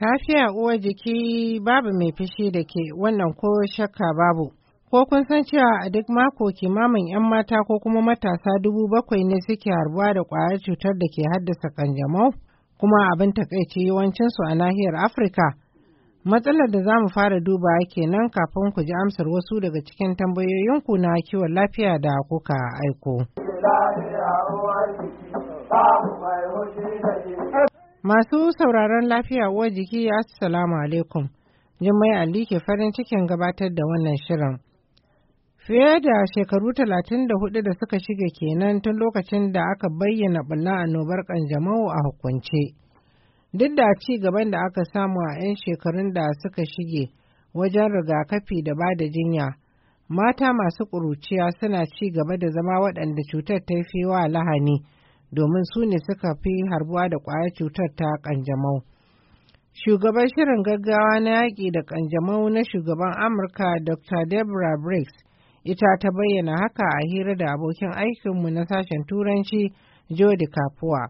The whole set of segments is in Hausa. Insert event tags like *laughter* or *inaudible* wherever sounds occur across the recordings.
Tafiya uwar jiki babu mai fishi da ke fushi da ke wannan ko shakka babu. Ko kun san cewa a duk mako kimamin 'yan mata ko kuma matasa dubu bakwai ne suke harbuwa da ƙwayar cutar da ke haddasa kanjamau kuma abin takaici yawancinsu a nahiyar Afirka. Matsalar da za mu fara duba dubawa kenan kafin ku ji amsar wasu daga cikin tambayoyinku na kiwon lafiya da kuka aiko. Masu sauraron lafiya uwar jiki Assalamu alaikum. Jummai Ali ke farin cikin gabatar da wannan shirin. Fiye da shekaru talatin da hudu da suka shiga kenan tun lokacin da aka bayyana bulla annobar kanjamau a hukunce. Duk da ci gaban da aka samu a 'yan shekarun da suka shige wajen rigakafi da ba da jinya, mata masu ƙuruciya suna ci gaba da zama waɗanda cutar ta fi wa lahani domin su ne suka fi harbuwa da ƙwayar cutar ta ƙanjamau. Shugaban shirin gaggawa na yaƙi da ƙanjamau na shugaban Amurka Dr. Deborah Briggs ita ta bayyana haka a hira da abokin aikinmu na sashen Turanci Jodi Kapuwa.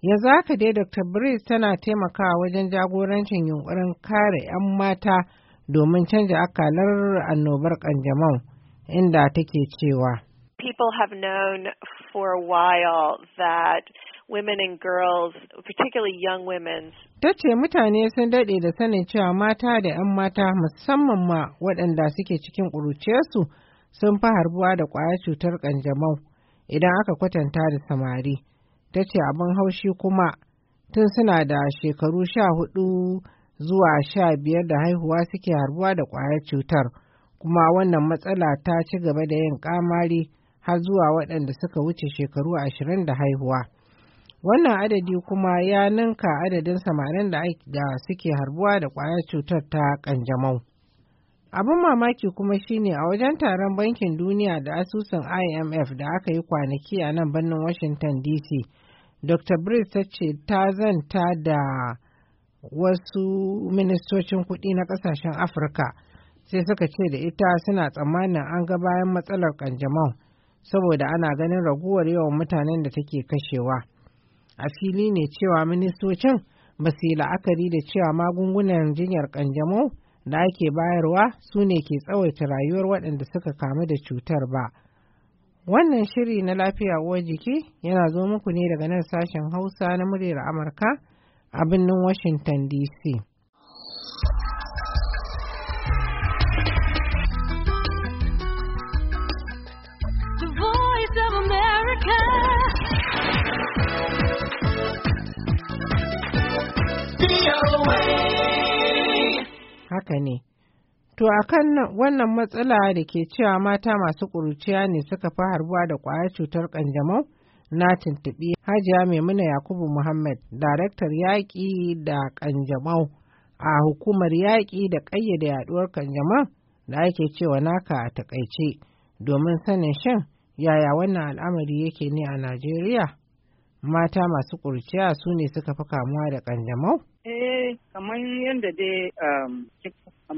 Yanzu haka dai Dr. Briggs tana taimakawa wajen jagorancin yunkurin kare 'yan mata domin canja akalar annobar kanjamau inda take cewa. People have known for a while that women and girls, particularly young women. Ta ce mutane sun daɗe da sanin cewa mata da 'yan mata musamman ma waɗanda suke cikin ƙuruciyarsu sun fi harbuwa da ƙwayar cutar ƙanjamau idan aka kwatanta da samari. Ta ce abin haushi kuma tun suna da shekaru sha hudu zuwa sha biyar da haihuwa suke harbuwa da kwayar cutar kuma wannan matsala ta ci gaba da yin kamari har zuwa waɗanda suka wuce shekaru ashirin da haihuwa wannan adadi kuma ya ninka adadin samanin da suke harbuwa da kwayar cutar ta kanjamau. abin mamaki kuma shine a wajen taron bankin duniya da asusun imf da aka yi kwanaki a nan birnin washington dc dr Briggs ta ce ta zanta da wasu ministocin kuɗi na ƙasashen afirka sai suka ce da ita suna tsammanin an ga bayan matsalar kanjamau saboda ana ganin raguwar yawan mutanen da take kashewa a fili ne cewa ministocin ba su yi la'akari da cewa magungunan jinyar kanjamau da ake bayarwa su ne ke tsawaita rayuwar waɗanda suka kamu da cutar ba wannan shiri na lafiya uwar jiki yana zo muku ne daga nan sashen hausa na muryar amurka a birnin Washington DC. Haka ne. To a kan wannan matsala da ke cewa mata masu ƙuruciya ne suka fi harbuwa da ƙwayar cutar ƙanjamau? na tuntuɓi Hajiya Maimuna Yakubu Muhammad, daraktar yaƙi da ƙanjamau a hukumar yaƙi da ƙayyade yaɗuwar ƙanjamau da ake cewa naka a taƙaice domin sanin shan yaya wannan al'amari yake ne a Najeriya. Mata masu ƙurciya su ne suka fi kamuwa da kanjamau Eh, kamar yadda dai um,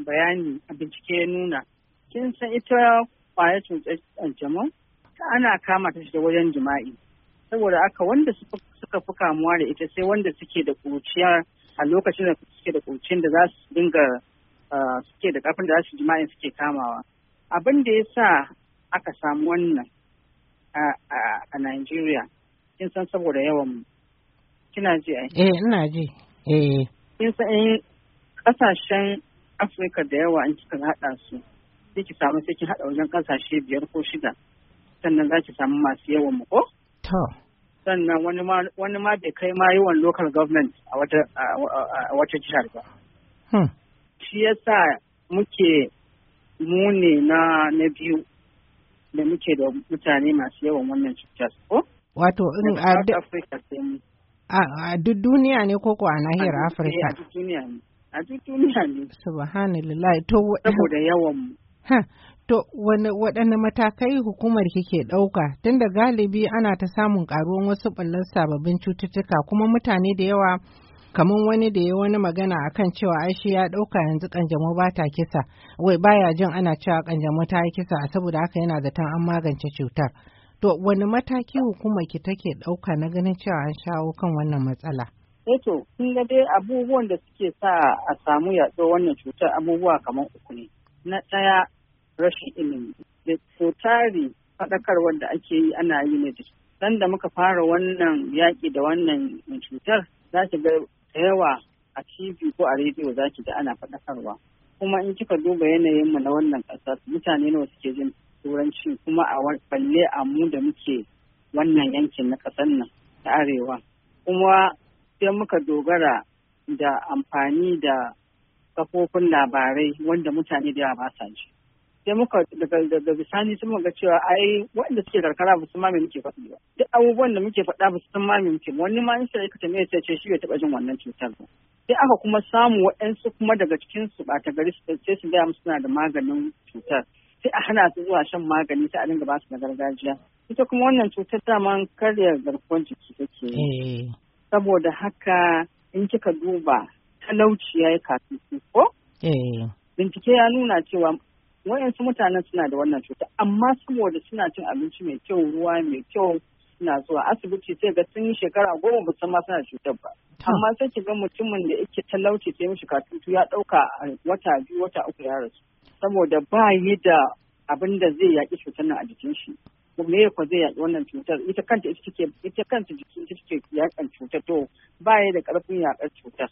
bayani a bincike ya nuna, kin san ita kwayar cutar ƙanjamau? Ana kama ta da wajen jima'i. saboda haka wanda suka fi kamuwa da ita sai wanda suke da kuciya a lokacin da suke da kuruciyar da za su dinga suke da kafin da za su jima'in suke kamawa abin da ya sa aka samu wannan a Najeriya kin san saboda yawan mu kina ji ai eh ina ji eh kin san kasashen eh, Afirka da yawa an kika hada su sai ki samu sai ki hada wajen kasashe biyar ko shida sannan za ki samu masu yawan mu ko to sannan wani ma bai kai ma yawan local government a wata jihar ba. Hmm. Shi yasa muke muni na na biyu da muke da mutane masu yawan wannan cutar ko? Wato in a duk duniya ne ko ko a nahiyar Afirka? A duk duniya ne. A duk duniya ne. Subhanallah to saboda yawan mu. To, waɗanne matakai hukumar kike ɗauka tun da galibi ana ta samun ƙaruwan wasu ɓullar sababbin cututtuka kuma mutane da yawa kamar wani da ya wani magana akan cewa aishi ya ɗauka yanzu kanjamau ba ta kisa wai baya jin ana cewa kanjamau ta yi kisa a saboda haka yana zaton an magance cutar to wani mataki hukumar ki take ɗauka na ganin cewa an shawo kan wannan matsala eto eh kun ga dai abubuwan da suke sa a samu yaɗo wannan cutar abubuwa kamar uku ne na ɗaya rashin ilimi da so tari faɗakarwar da ake yi ana yi na jiki dan da muka fara wannan yaƙi da wannan cutar za ki ga da yawa a tv ko a rediyo za ki ga ana faɗakarwa kuma in kika duba yanayinmu na wannan ƙasa mutane nawa suke jin turanci kuma a balle a mu da muke wannan yankin na ƙasar nan ta arewa kuma sai muka dogara da amfani da kafofin labarai wanda mutane da yawa ba sa ji sai muka daga bisani sun ga cewa ai waɗanda suke karkara ba su ma muke faɗi ba duk abubuwan da muke faɗa ba su san ma muke ba wani ma in sai ka tambaye sai ce shi bai taɓa jin wannan cutar ba sai aka kuma samu waɗansu kuma daga cikin su ba ta gari su sai su gaya musu suna da maganin cutar sai a hana su zuwa shan magani sai a dinga ba su na gargajiya ita kuma wannan cutar ta man karya garkuwar jiki take eh. saboda haka in kika duba talauci ya yi kafin ko eh. bincike ya nuna cewa wayansu mutanen suna da wannan cuta amma saboda suna cin abinci mai kyau ruwa mai kyau suna zuwa asibiti sai ga sun yi shekara goma ba san ma suna cutar ba amma sai ki ga mutumin da yake talauci sai mishi katutu ya dauka wata biyu wata uku ya rasu saboda ba yi da abin da zai yaƙi cutar nan a jikin shi me ya zai yaƙi wannan cutar ita kanta ita kanta jikin take yakan cutar to ba yi da karfin yakar cutar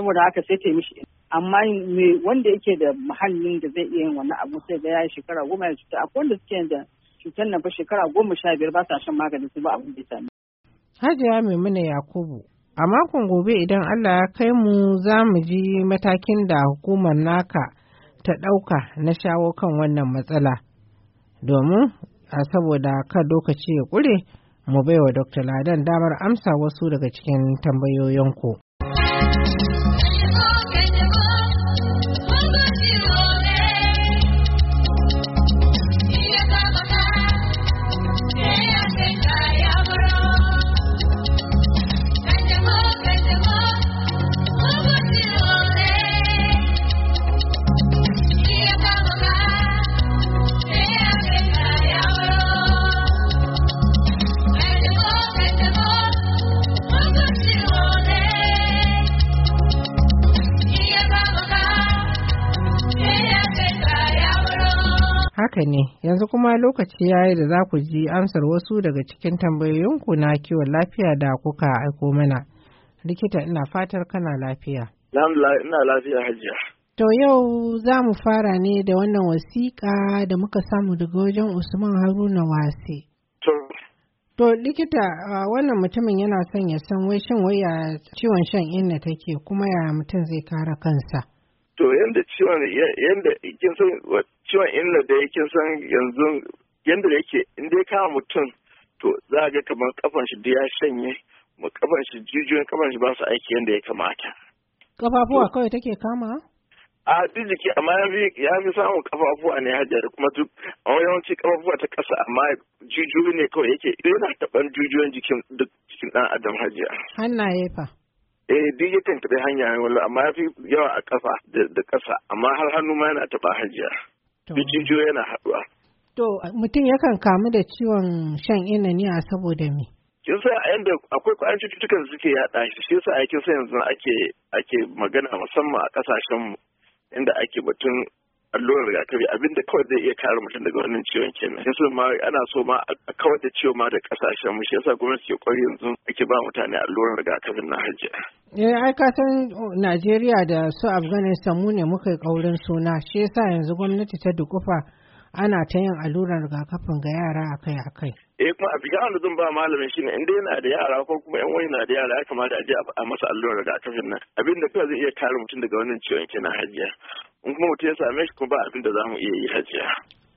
saboda haka sai ta yi mishi amma me wanda yake da muhallin da zai iya yin wannan abu sai da ya shekara goma ya cuta akwai wanda suke da cutar nan fa shekara goma sha biyar ba sa shan magani su ba abin bisa. ne. Hajiya Maimuna Yakubu a makon gobe idan Allah ya kai mu za mu ji matakin da hukumar naka ta ɗauka na shawo kan wannan matsala domin a saboda kan lokaci ya ƙure mu baiwa Dr. Ladan damar amsa wasu daga cikin tambayoyinku. ku. haka ne yanzu kuma lokaci ya yi da za ku ji amsar wasu daga cikin tambayoyinku na kiwon lafiya da kuka aiko mana. Likita ina fatar kana lafiya. ina lafiya hajiya. To yau za mu fara ne da wannan wasiƙa da muka samu daga wajen Usman Haruna Wase. To likita wannan mutumin yana son ya san wai shin waya ciwon shan inna take kuma ya mutum zai kare kansa. To yanda ciwon yanda da da yake san yanzu yanda da yake in dai kama mutum to za ga kamar kafan shi da ya shanye mu kafan shi jijiyoyin kafan shi ba su aiki yanda ya kamata kafafuwa kawai take kama a duk jiki amma ya fi samun kafafuwa ne hajjar kuma duk a yawanci kafafuwa ta kasa amma jijiyoyi ne kawai yake eh, yana taban jijiyoyin jikin duk jikin dan adam Hanna hannaye fa eh duk yakan taɓa hanya wala amma ya fi yawa a ƙafa da ƙasa amma har hannu ma yana taɓa hajiya. Bijijo yana haɗuwa. To mutum yakan kamu da ciwon shan inani a saboda me? kin sa a yanda akwai kwayan cututtukan suke yaɗa shi shi yasa ake sa yanzu ake ake magana musamman a kasashen mu inda ake batun allurar rigakafi abinda kawai zai iya kare mutum daga wannan ciwon kenan yasa ma ana so ma a kawar da ciwo ma da kasashen mu shi yasa gwamnati ke kwari yanzu ake ba mutane allurar rigakafin na hajiya Eh, ai ka oh, Najeriya da su Afghanistan mu ne muka yi kaurin suna shi yasa yanzu gwamnati ta dukufa ana ta yin allurar rigakafin ga yara akai-akai. Eh kuma a an zan ba malamin shi ne inda yana da yara ko kuma yan wani na da yara ya kamata a je a masa allurar rigakafin nan abin da kawai zai iya kare mutum daga wannan ciwon kenan hajiya. In kuma mutum ya same shi kuma ba abin da za mu iya yi hajiya.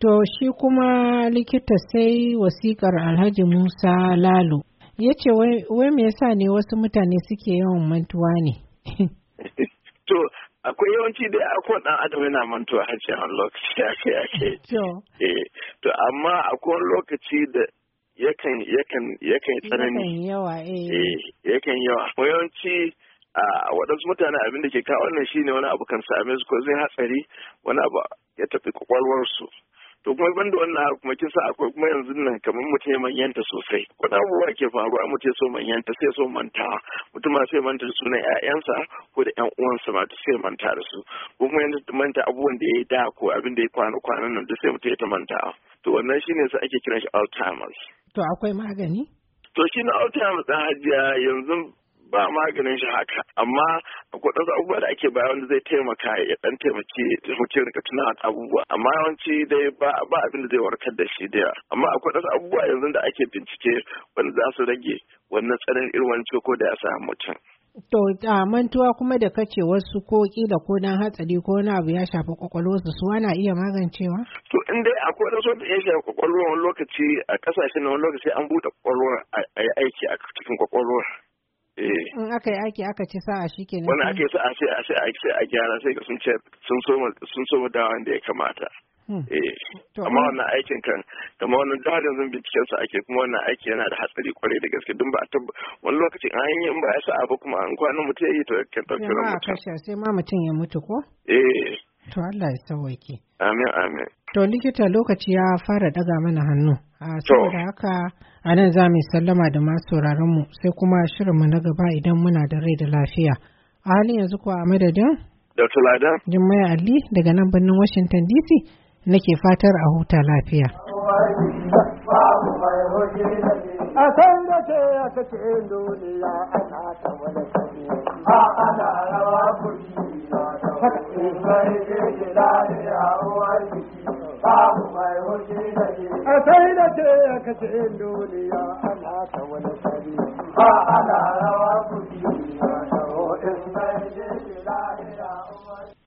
To shi kuma likita sai wasikar Alhaji Musa Lalo ya ce wai me yasa ne wasu mutane suke yawan mantuwa ne *laughs* to akwai yawanci da akwai dan adam yana mantuwa har sai wani lokaci *laughs* ake ake eh, to amma akwai lokaci da yakan yakan yakan tsanani yawa eh, eh yakan yawa yawanci a wadansu mutane abin da ke kawo wannan shine wani abu kan same su ko zai hatsari wani abu ya tafi kwakwalwarsu to kuma ban da wannan kuma kisa akwai kuma yanzu nan kamar mu ya manyanta sosai wani abubuwa ke faruwa mu ya so manyanta sai so mantawa mutum ma sai manta da sunan ƴaƴansa ko da ƴan uwansa ma duk sai manta da su ko kuma yanzu manta abubuwan da ya da ko abin da ya kwana kwanan nan duk sai mutum ya ta manta to wannan shine su ake kiran shi Alzheimer's to akwai magani to shi na Alzheimer's da hajiya yanzu ba maganin shi haka amma akwai ɗansu abubuwa da ake baya wanda zai taimaka ya ɗan taimaki mutum rika tuna abubuwa amma yawanci dai ba ba abin da zai warkar da shi da amma akwai ɗansu abubuwa yanzu da ake bincike wanda za su rage wannan tsarin irin wani ko da ya samu mutum. To a mantuwa kuma da kace wasu ko kila ko dan hatsari ko wani abu ya shafi kwakwalwarsu su ana iya magancewa? To in dai akwai wasu da ya shafi kwakwalwar wani lokaci a kasashen wani lokaci an buɗe kwakwalwar a yi aiki a cikin kwakwalwar. aka yi aiki aka ci sa'a shi ke wani ake sa'a sai a sai a gyara sai sun ce sun so dawa da ya kamata hmm. eh, amma wannan aikin kan kamar wannan jarin yanzu binciken sa ake kuma wannan aiki yana da hatsari kwarai da gaske don ba a tabba wani lokaci an yi in ba ya sa'a ba kuma an kwana mutum ya yi to kan ɗauki ran mutum sai ma mutum ya mutu ko eh to Allah ya sauwaƙe amin amin to likita lokaci ya fara daga mana hannu A saboda haka a nan za mu sallama da masu mu sai kuma shirin mu na gaba idan muna da rai da lafiya. A halin yanzu kuwa a madadin? Dr. Lada. Jummai Ali daga nan birnin Washington DC nake fatar a huta lafiya. A san ke ya ta wani ana rawa na babu da ke a da ce ya kashe ana ta wani sari ba ana rawa kuɗi na shawo in